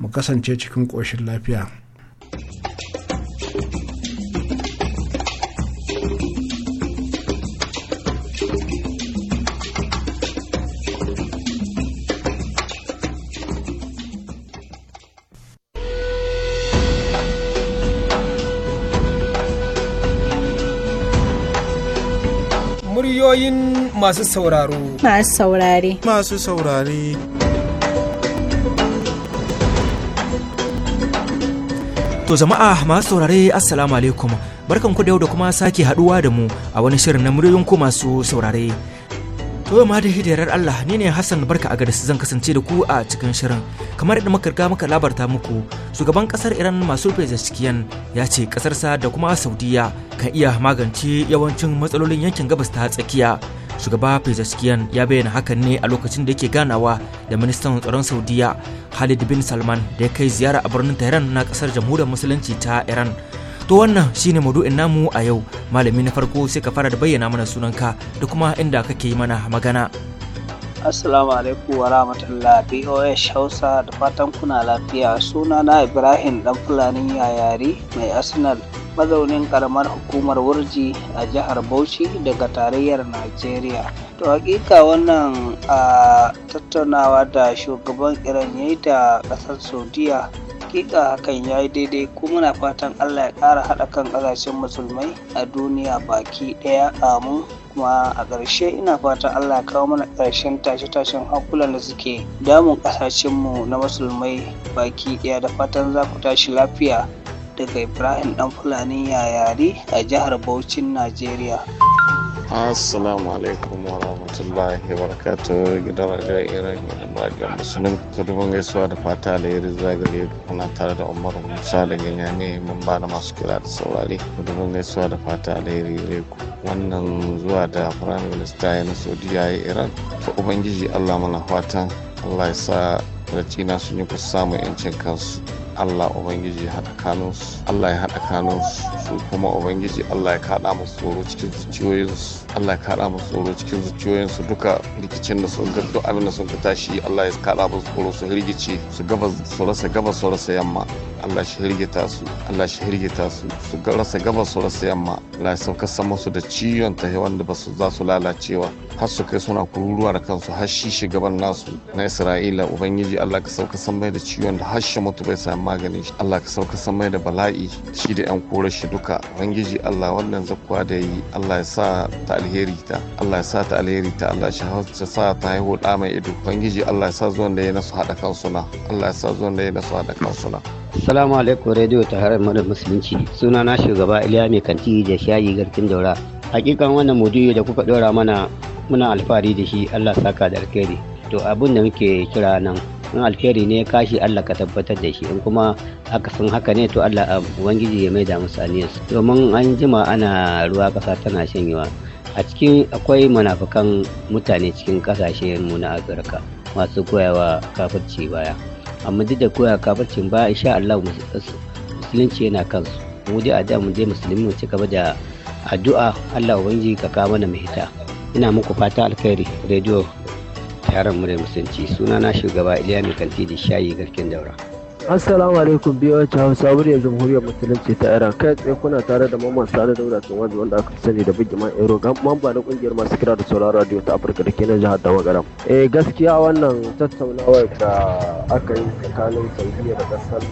mu kasance cikin ƙoshin lafiya. muryoyin masu sauraro. Masu saurare. Masu saurare. To jama'a masu saurare assalamu alaikum barkan ku da yau da kuma sake haduwa da mu a wani shirin na muryoyin ku masu saurare. To ma da hidirar Allah ni ne Hassan barka a zan kasance da ku a cikin shirin kamar yadda muka riga muka labarta muku shugaban kasar iran masu pezeshkian ya ce kasarsa da kuma saudiya kan iya magance yawancin matsalolin yankin gabas ta tsakiya shugaba pezeshkian ya bayyana hakan ne a lokacin da yake ganawa da ministan tsaron saudiya khalid bin salman da ya kai ziyara a birnin tehran na kasar jamhuriyar musulunci ta iran to wannan shine maudu'in namu a yau malami na farko sai ka fara da bayyana mana sunanka da kuma inda kake yi mana magana Assalamu alaikum wa rahmatullah BOH Hausa da fatan kuna lafiya suna na Ibrahim dan Fulani Yayari mai Arsenal mazaunin karamar hukumar Wurji a jihar Bauchi daga tarayyar Najeriya. To hakika wannan a tattaunawa da shugaban Iran yayi da kasar Saudiya hakika hakan ya yi daidai kuma muna fatan Allah ya ƙara haɗa kan ƙasashen musulmai a duniya baki ɗaya amin kuma a ƙarshe ina fata allah ya kawo mana ƙarshen tashe-tashen hankulan da suke damun ƙasashenmu na musulmai baki ɗaya da fatan za ku tashi lafiya daga ibrahim ɗan fulani yayari a jihar Bauchin najeriya Assalamu alaikum wa rahmatullahi wa barakatuh gidan rajar Iran a rajar Musulun kudumin gaisuwa da fata da yiri zagari kuna tare da Umar Musa da ganya ne mun ba da masu kira da saurari kudumin gaisuwa da fata da yiri ku wannan zuwa da Prime Minister ya na Saudiya ya Iran ta Ubangiji Allah mana fatan Allah ya sa cina sun yi kusa samun 'yancin kansu Allah Ubangiji ya haɗa kanunsu Allah ya haɗa kanunsu su kuma Ubangiji Allah ya kaɗa musu tsoro cikin zuciyoyinsu Allah ya kaɗa musu tsoro cikin zuciyoyinsu duka rikicin da sun gado abin da sun tashi Allah ya kaɗa musu tsoro su rigice su gaba su rasa gaba su rasa yamma Allah shi hirgita su Allah shi hirgita su su rasa gabas su rasa yamma Allah sauka san su da ciwon ta wanda ba su za su lalacewa har su kai suna kururuwa da kansu har shi shugaban nasu na Isra'ila ubangiji Allah ka sauka mai da ciwon da har shi mutu bai samu maganin shi Allah ka sauka mai da bala'i shi da yan kore shi duka ubangiji Allah wannan zakwa da yi Allah ya sa ta alheri ta Allah ya sa ta alheri ta Allah shi sa ta haihu da mai ido ubangiji Allah ya sa zuwan da ya nasu haɗa kansu na Allah ya sa zuwan da ya nasu haɗa kansu na Assalamu alaikum Radio harar mana Musulunci. Suna na shugaba Iliya Mai Kanti da Shayi Garkin Daura. Hakikan wannan maudu'i da kuka ɗora mana muna alfahari da shi Allah saka da alkhairi. To abin da muke kira nan in alkhairi ne kashi Allah ka tabbatar da shi in kuma aka sun haka ne to Allah a um, ubangiji ya maida musu aniyarsu domin an jima ana ruwa kasa tana shanyewa a cikin akwai munafukan mutane cikin kasashen mu na Afirka masu koyawa kafirci baya amma duk da koya kafircin ba insha Allah musulunci yana kansu mu dai a da mu dai musulmi mu ci gaba da addu'a Allah ubangiji ka kawo mana mahita ina muku fata alkhairi rediyo yaran mu da musulunci sunana shugaba Iliya Kanti da Shayi garkin daura Assalamu alaikum biyo ta Hausa muryar Jamhuriyar Musulunci ta Iran kai tsaye kuna tare da Mamman Sani Dauda tun wanda aka sani da Bigiman Ero ga mamba na kungiyar masu kira da sauraron radio ta Afirka da ke jihar dawagara Eh gaskiya wannan tattaunawa da aka yi tsakanin Saudiya da kasar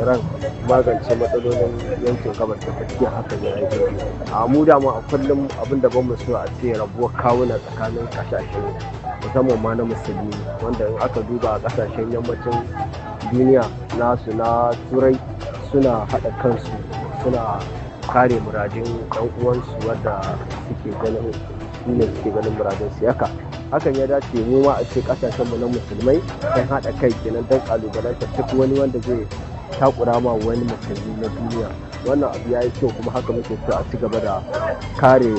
Iran magance matsalolin yankin gabas da tsakiya haka ne ake yi. A mu da ma a kullum abin da ban mu so a ce rabuwar kawuna tsakanin kasashe musamman ma na musulmi wanda in aka duba a kasashen yammacin duniya nasu na turai suna haɗa kansu suna kare muradin ɗan uwansu wadda suke ganin ne suke ganin muradin su yaka hakan ya dace mu ma a ce kasashen mu na musulmai don haɗa kai kenan don ƙalubalantar duk wani wanda zai takura ma wani musulmi na duniya wannan abu ya yi kyau kuma haka muke so a ci gaba da kare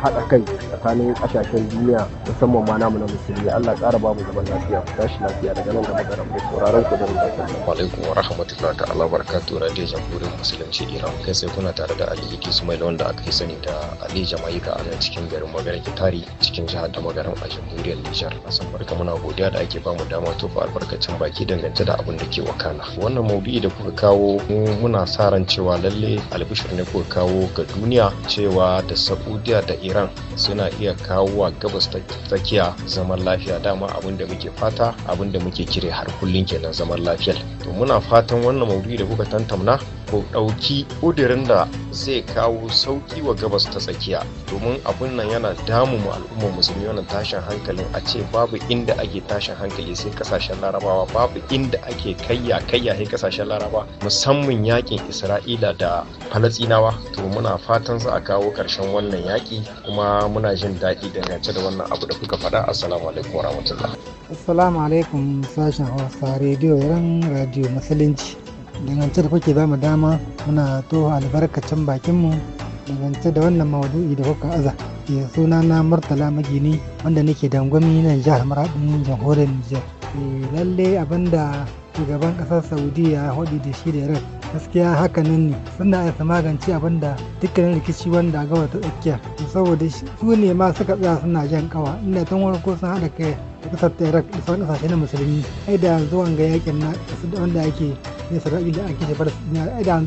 haɗa kai tsakanin ƙasashen duniya musamman ma namu na musulmi allah ƙara ba mu zaman lafiya ku tashi lafiya daga nan gaba da rabu sauraron ku da rubutu alaikum wa rahmatullahi ta'ala barakatu radio jamhuriyar musulunci iran kai sai kuna tare da ali mai wanda aka yi sani da ali jama'ika a nan cikin garin ki kitari cikin jihar da magarin a jamhuriyar nijar asan barka muna godiya da ake bamu dama fa albarkacin baki dangance da abin da ke wakana wannan maudu'i da kuka kawo muna sa ran cewa lalle lalle albishir ne kuka kawo ga duniya cewa da saudiya da iran suna iya kawo wa gabas tsakiya zaman lafiya dama abin da muke fata abin da muke kire har kullum kenan zaman lafiyar to muna fatan wannan maudu'i da kuka tantamna ko ɗauki ƙudurin da zai kawo sauƙi wa gabas ta tsakiya domin abin nan yana damu mu al'ummar musulmi wannan tashin hankalin a ce babu inda ake tashin hankali sai kasashen larabawa babu inda ake kayya kayya sai kasashen laraba musamman yakin isra'ila da a falasinawa to muna fatan za a kawo karshen wannan yaki kuma muna jin daɗi dangance da wannan abu da kuka faɗa assalamu alaikum warahmatullah assalamu alaikum sashen hausa rediyo ran radio musulunci dangance da kuke bamu dama muna toho albarkacin bakinmu dangance da wannan maudu'i da kuka aza ke suna na murtala magini wanda nake dangwami nan jihar maradin jamhuriyar nijar eh, lallai abinda shugaban ƙasar saudiya ya da shi da iran gaskiya haka nan ne suna isa magance abin da dukkanin rikici wanda gawa ta tsakiya saboda su ne ma suka tsaya suna jan kawa inda tun wani ko sun haɗa kai da ƙasar iran da sauran ƙasashe na musulmi ai da zuwan ga yakin na wanda ake ne sarari da ake shafar da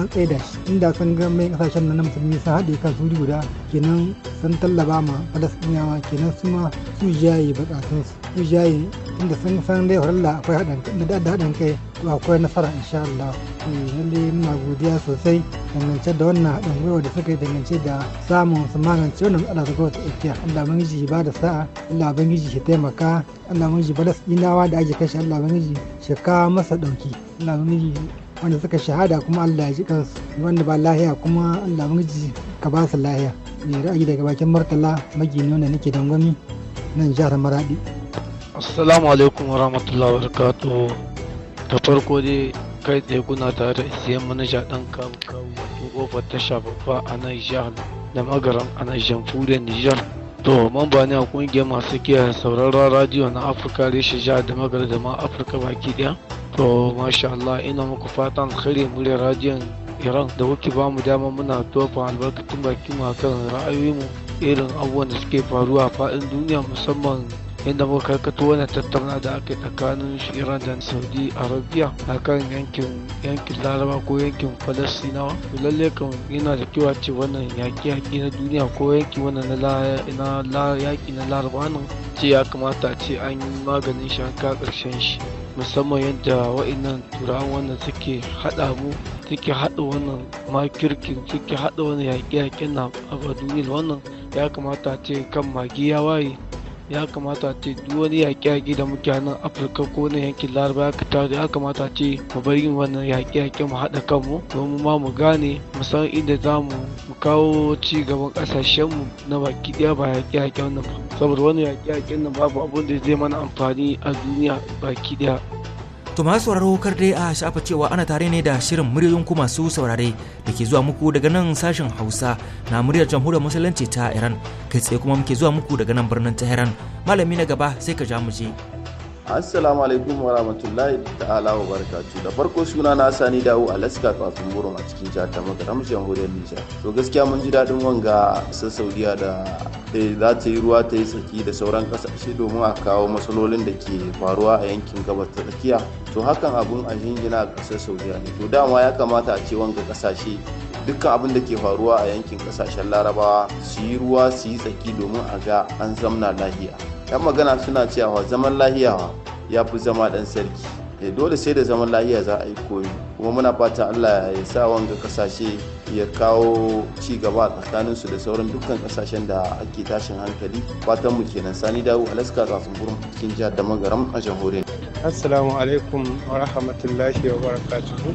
an tsaye da shi inda sun ga mai kasashen nan musulmi sun haɗe kan suri guda kenan sun tallaba ma falasɗinawa kenan su ma su jaye bukatun su jaye inda sun san dai da akwai haɗin kai akwai nasara insha Allah eh, lalle muna godiya sosai dangance da wannan haɗin gwiwa da suka yi dangance da samun su magance wannan matsala ta kowace tsakiya Allah mun ji ba da sa'a Allah bangiji shi taimaka Allah mun ji ba da tsinawa da ake kashe Allah mun ji shi kawo masa ɗauki Allah mun ji wanda suka shahada kuma Allah ya ji kansu wanda ba lahiya kuma Allah mun ji ka ba su lahiya mai ra'ayi daga bakin martala magini wanda nake dangwami nan jihar maradi assalamu alaikum wa rahmatullahi wa wabarakatuh da farko dai kai tsaye kuna tare da isiyan manaja dan kawo kawo wato kofar tasha babba a nan jihar da magaran a nan nijar to ba ne a ƙungiyar masu kiyaye sauraron radiyo na afirka reshe jihar da magaran da ma afirka baki daya to masha allah ina muku fatan alkhairi mure radiyon iran da kuke ba mu dama muna tofa albarkatun baki mu akan ra'ayoyinmu irin abubuwan da suke faruwa a faɗin duniya musamman inda muka karkato wannan tattauna da ake tsakanin iran da saudi arabia kan yankin yankin laraba ko yankin Falasinawa. to lalle kan yana da kyau ce wannan yaki yaki na duniya ko yanki wannan na yaki na laraba nan ce ya kamata ce an yi maganin shi an ka karshen shi musamman yadda wa'annan turawan wannan suke haɗa mu suke haɗa wannan makirkin suke haɗa wannan yaƙi-yaƙin na a duniyar wannan ya kamata ce kan magi ya waye ya kamata a ce duk wani yaƙe-yaƙe da muke a nan afirka ko na yankin laraba ya ka ya kamata a ce mu bar yin wannan yaƙe-yaƙe mu haɗa kanmu domin ma mu gane mu san inda za mu kawo ci gaban ƙasashenmu na baki ɗaya ba yaƙe-yaƙen nan ba saboda wani yaƙe-yaƙen nan babu abun da zai mana amfani a duniya baki ɗaya To masu sauraro kar dai a shafa cewa ana tare ne da shirin muryoyin ku masu saurare da ke zuwa muku daga nan sashen Hausa na muryar jamhuriyar musulunci ta Iran kai tsaye kuma muke zuwa muku daga nan birnin Tehran malami na gaba sai ka ja mu je. assalamu alaikum wa rahmatullahi ta'ala wa barakatu da farko suna na sani dawo a laska tsatsun burin a cikin jihar ta makaram jamhuriyar nijar to gaskiya mun ji daɗin wanga sa saudiya da za ta yi ruwa ta yi saki da sauran ƙasashe domin a kawo matsalolin da ke faruwa a yankin gabas ta tsakiya to hakan abun a jingina a ƙasar saudiya ne to dama ya kamata a ce wanga ƙasashe dukkan abin da ke faruwa a yankin ƙasashen larabawa su yi ruwa su yi tsaki domin a ga an zamna lahiya 'yan magana suna cewa zaman lahiyawa ya fi zama dan sarki da eh, dole sai da zaman lahiya za a yi koyi kuma muna fata allah ya sa wanga kasashe ya kawo ci gaba a tsakanin su da sauran dukkan kasashen da ake tashin hankali fatan mu kenan sani dawo alaska kafin burin cikin jihar da magaram a jamhuriyar assalamu alaikum wa rahmatullahi wa barakatuhu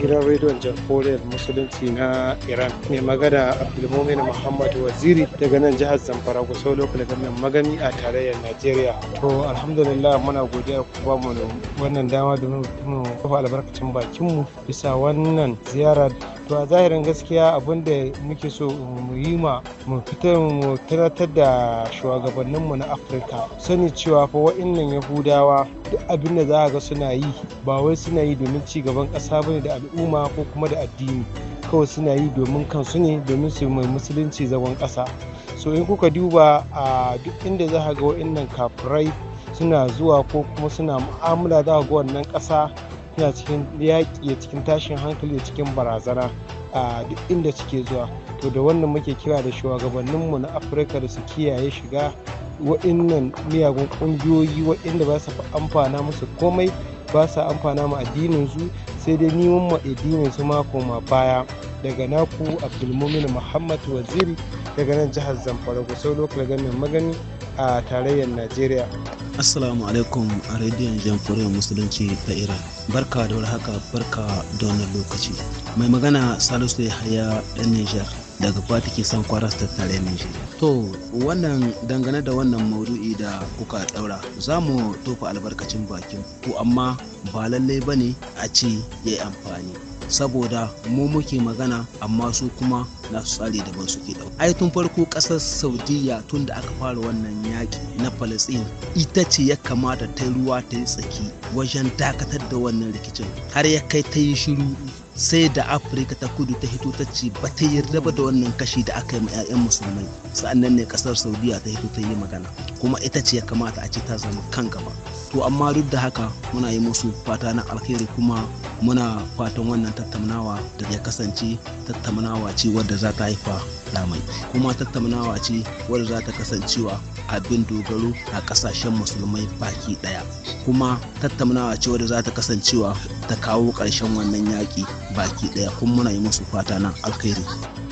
gidan rediyon jamhuriyar musulunci na iran mai magana abdulmumin muhammad waziri daga nan jihar zamfara sau lokacin da gwamnan magani a tarayyar najeriya to alhamdulillah muna godiya ku ba mu wannan dama domin mu kafa albarkacin mu bisa wannan ziyara to a zahirin gaskiya abin da muke so mu yi ma mu fitar mu tunatar da shugabanninmu na afirka sani cewa fa wa'innan yahudawa duk abin da za ga suna yi ba wai suna yi domin ci gaban ƙasa bane da al'umma ko kuma da addini kawai suna yi domin kansu ne domin su mai musulunci zagon ƙasa so in kuka duba a duk inda za ga wa'annan kafirai suna zuwa ko kuma suna mu'amala za ga wannan ƙasa suna cikin yaƙi cikin tashin hankali da cikin barazana a duk inda suke zuwa to da wannan muke kira da shugabanninmu na afirka da su kiyaye shiga wa'innan miyagun ƙungiyoyi wa'inda ba su amfana musu komai ba sa amfana ma addininsu sai dai neman ma addininsu ma baya daga naku abdulmumin muhammad waziri daga nan jihar zamfara ku sau lokal magani a tarayyar najeriya assalamu alaikum a rediyon jamhuriyar musulunci ta iran barka da haka barka da wannan lokaci mai magana salisu ya haya dan nijar daga kwa take son kwaras ta tare shi. To wannan dangane da wannan maudu'i da kuka daura za mu tofa albarkacin bakin ku amma ba lallai ba ne a ce yayi amfani saboda mu muke magana amma su kuma na su tsari daban suke dauka ai tun farko ƙasar saudiya tun da aka fara wannan yaki na palestine ita ce ya kamata ta ruwa ta yi tsaki wajen dakatar da wannan rikicin har ya kai ta yi shiru sai da afirka ta kudu ta hito ta ce ba ta yarda ba da wannan kashi da aka yi ma musulmai sa'annan ne kasar saudiya ta hito ta yi magana kuma ita ce ya kamata a ce ta zama kan gaba to amma duk da haka muna yi musu fata na alkhairi kuma muna fatan wannan tattaunawa da ya kasance tattaunawa ce wadda za ta haifa lamai kuma tattaunawa ce wadda za ta kasancewa abin dogaro a kasashen musulmai baki daya kuma tattaunawa cewa da za ta kasancewa ta kawo ƙarshen wannan yaƙi baki daya kuma muna yi musu fata na alkhairi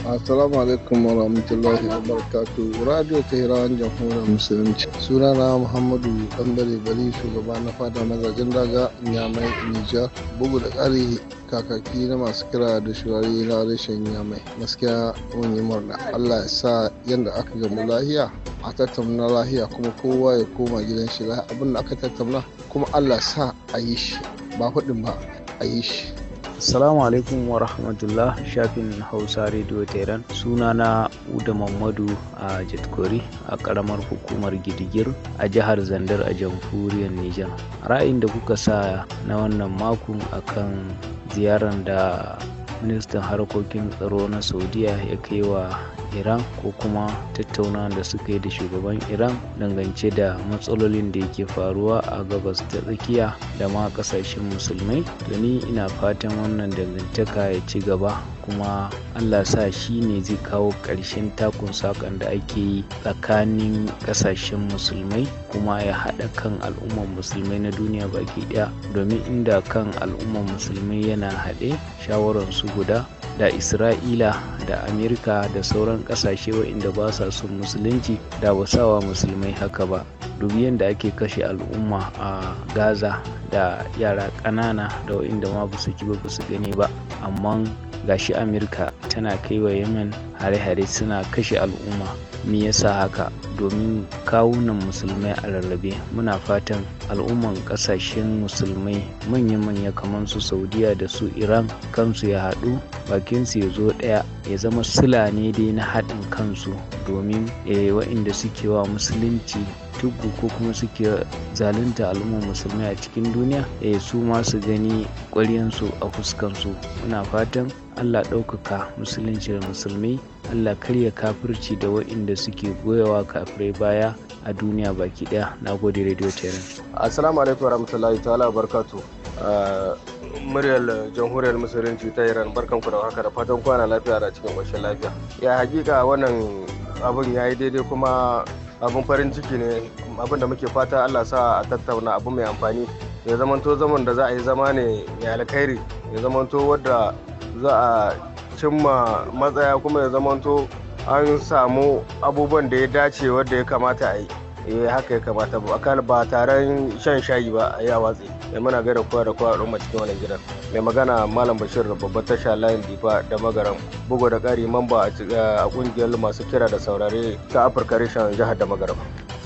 Assalamu alaikum wa rahmatullahi wa barakatu. Radio Tehran Jamhuriyar Musulunci. Sunana Muhammadu Dambare Bari shugaba na fada mazajen daga Nyamai Nijar. Bugu da ƙari kakaki na masu kira da shirari na rashin Nyamai. Gaskiya mun yi murna. Allah ya sa yadda aka gamu lahiya a tattauna lahiya kuma kowa ya koma gidan shi lahiya abin da aka tattauna kuma Allah sa a yi shi ba faɗin ba a yi shi. Assalamu alaikum wa rahmatullah shafin Hausa Radio Tehran na Uda Mamadu a jitkori a karamar hukumar Gidigir a jihar Zandar a jamhuriyar Nijar. Ra'ayin da kuka sa na wannan makon akan ziyarar da ministan harkokin tsaro na Saudiya ya kai wa iran ko kuma tattaunawa da suka yi da shugaban iran dangance da matsalolin da yake faruwa a gabas ta tsakiya da ma kasashen musulmai to ni ina fatan wannan dangantaka ya ci gaba kuma allah sa shi ne zai kawo ƙarshen takun sakan da ake yi tsakanin ƙasashen musulmai kuma ya haɗa kan al'ummar musulmai na duniya baki ɗaya domin inda kan al'ummar musulmai yana haɗe shawararsu guda da isra'ila da amerika da sauran kasashe wa'inda ba sa son musulunci da ba sawa musulmai haka ba dubi yadda ake kashe al'umma a gaza da yara ƙanana da waɗanda ma ba su ji ba su gani ba amma gashi amurka tana kai wa yemen hare-hare suna kashe al'umma me yasa haka domin kawunan musulmai a rarrabe muna fatan al'umman kasashen musulmai manya-manya kamar su saudiya da su iran kansu ya haɗu bakinsu ya zo ɗaya ya zama sula ne dai na haɗin kansu domin eh, waɗanda suke wa musulunci tubu ko kuma suke zalunta al'ummar musulmai a cikin duniya eh su ma su gani su a fuskansu muna fatan allah ɗaukaka musulunci da musulmi allah karya kafirci da waɗanda suke goyawa kafirai baya a duniya baki ɗaya na gode radio terrain assalamu alaikum warahmatullahi ta'ala barkatu uh, muryar jamhuriyar musulunci ta iran barkan ku da haka da fatan kwana lafiya da cikin ƙoshin lafiya ya hakika wannan abun ya yi daidai kuma abin farin ciki ne abin da muke fata allah sa a tattauna abu mai amfani ya zamanto zaman da za a yi zama ne ya alkhairi ya zamanto wadda za a cimma matsaya kuma ya zamanto an samu abubuwan da ya dace wadda ya kamata a yi eh haka ya kamata ba akal ba taron shan shayi ba ya a watsi mai eh, muna gaira kowa da kowa al'umma cikin wannan gidan mai magana malam bashir babban tasha layin difa da magaram bugu da kari mamba a kungiyar masu kira da saurare ta afirka reshen jihar da magaram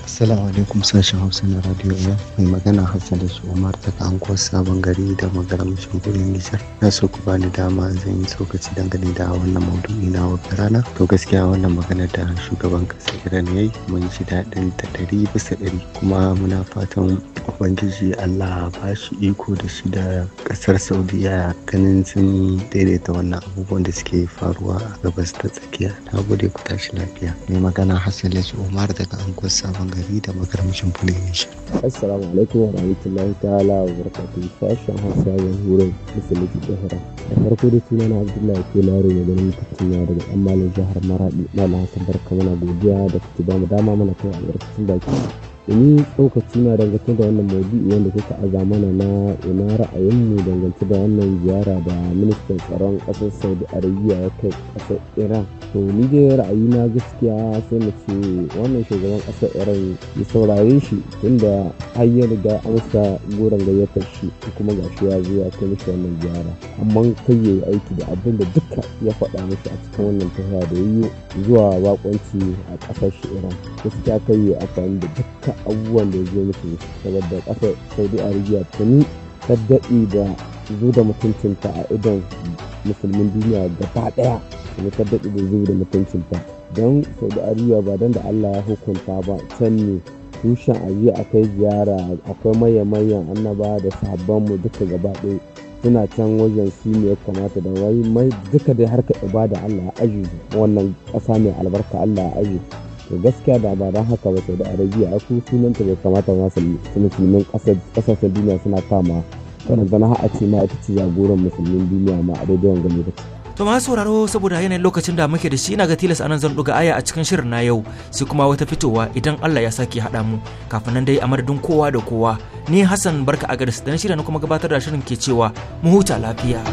Assalamu alaikum sashen Hausa na Radio Ya mai magana Hassan da su Umar daga Anguwar Sabon Gari da magana mashin Gudun Nijar. Na so ku bani dama zan yi tsokaci dangane da wannan maudu'i na wata rana. To gaskiya wannan magana da shugaban kasa, Iran ya yi mun ji daɗin ta ɗari bisa ɗari kuma muna fatan Ubangiji Allah ba shi iko da shi da ƙasar Saudiya ganin sun daidaita wannan abubuwan da suke faruwa a gabas ta tsakiya. Na gode ku tashi lafiya. Mai magana Hassan da su Umar daga Anguwar Sabon Gari. tafi da makarmashin assalamu alaikum wa rahmatullahi ta'ala wa barakatuhu sashen hausa ya wurin musulunci jihar da farko da suna na abdullahi ke laro ne ganin mutum na daga yan malin jihar maradi malam hassan barka mana godiya da kuke ba mu dama mana kai albarkacin baki Ni tsokaci na dangance da wannan maudu'i wanda kuka a zamana na ina ra'ayinmu dangance da wannan ziyara da ministan tsaron ƙasar Saudi Arabia ya kai kasar Iran. To ni dai na gaskiya sai mu ce wannan shugaban kasar Iran ya saurare shi tunda har ya riga amsa goron gayyatar shi kuma ga shi ya zo ya kai mishi wannan ziyara. Amma kai ya yi aiki da abin da duka ya faɗa mishi a cikin wannan tafiya da ya yi zuwa baƙwanci a ƙasar shi Iran. Gaskiya kai ya amfani da duka ta abubuwan da ya zo mutum saboda kasa saudi arabia ni ta daɗe da zo da mutuncinta a idon musulmin duniya gaba ɗaya kuma ta daɗe da zo da mutuncinta don saudi arabia ba don da allah ya hukunta ba can ne tushen aji akai ziyara akwai maye-mayen annaba da mu duka gaba ɗaya suna can wajen su ne ya kamata da wai mai duka dai harka ibada Allah ya aji wannan ƙasa mai albarka Allah ya aji to gaskiya da ba don haka ba arabiya a ya sunan sunanta bai kamata ma musulmin kasashen duniya suna kama kanan zana a ce ma ita ce jagoran musulmin duniya ma a daidai wanga lokaci To ma sauraro saboda yanayin lokacin da muke da shi ina ga tilas anan zan ɗuga aya a cikin shirin na yau sai kuma wata fitowa idan Allah ya sake haɗa mu kafin nan dai a madadin kowa da kowa ni Hassan barka a garis dan shirin kuma gabatar da shirin ke cewa mu huta lafiya.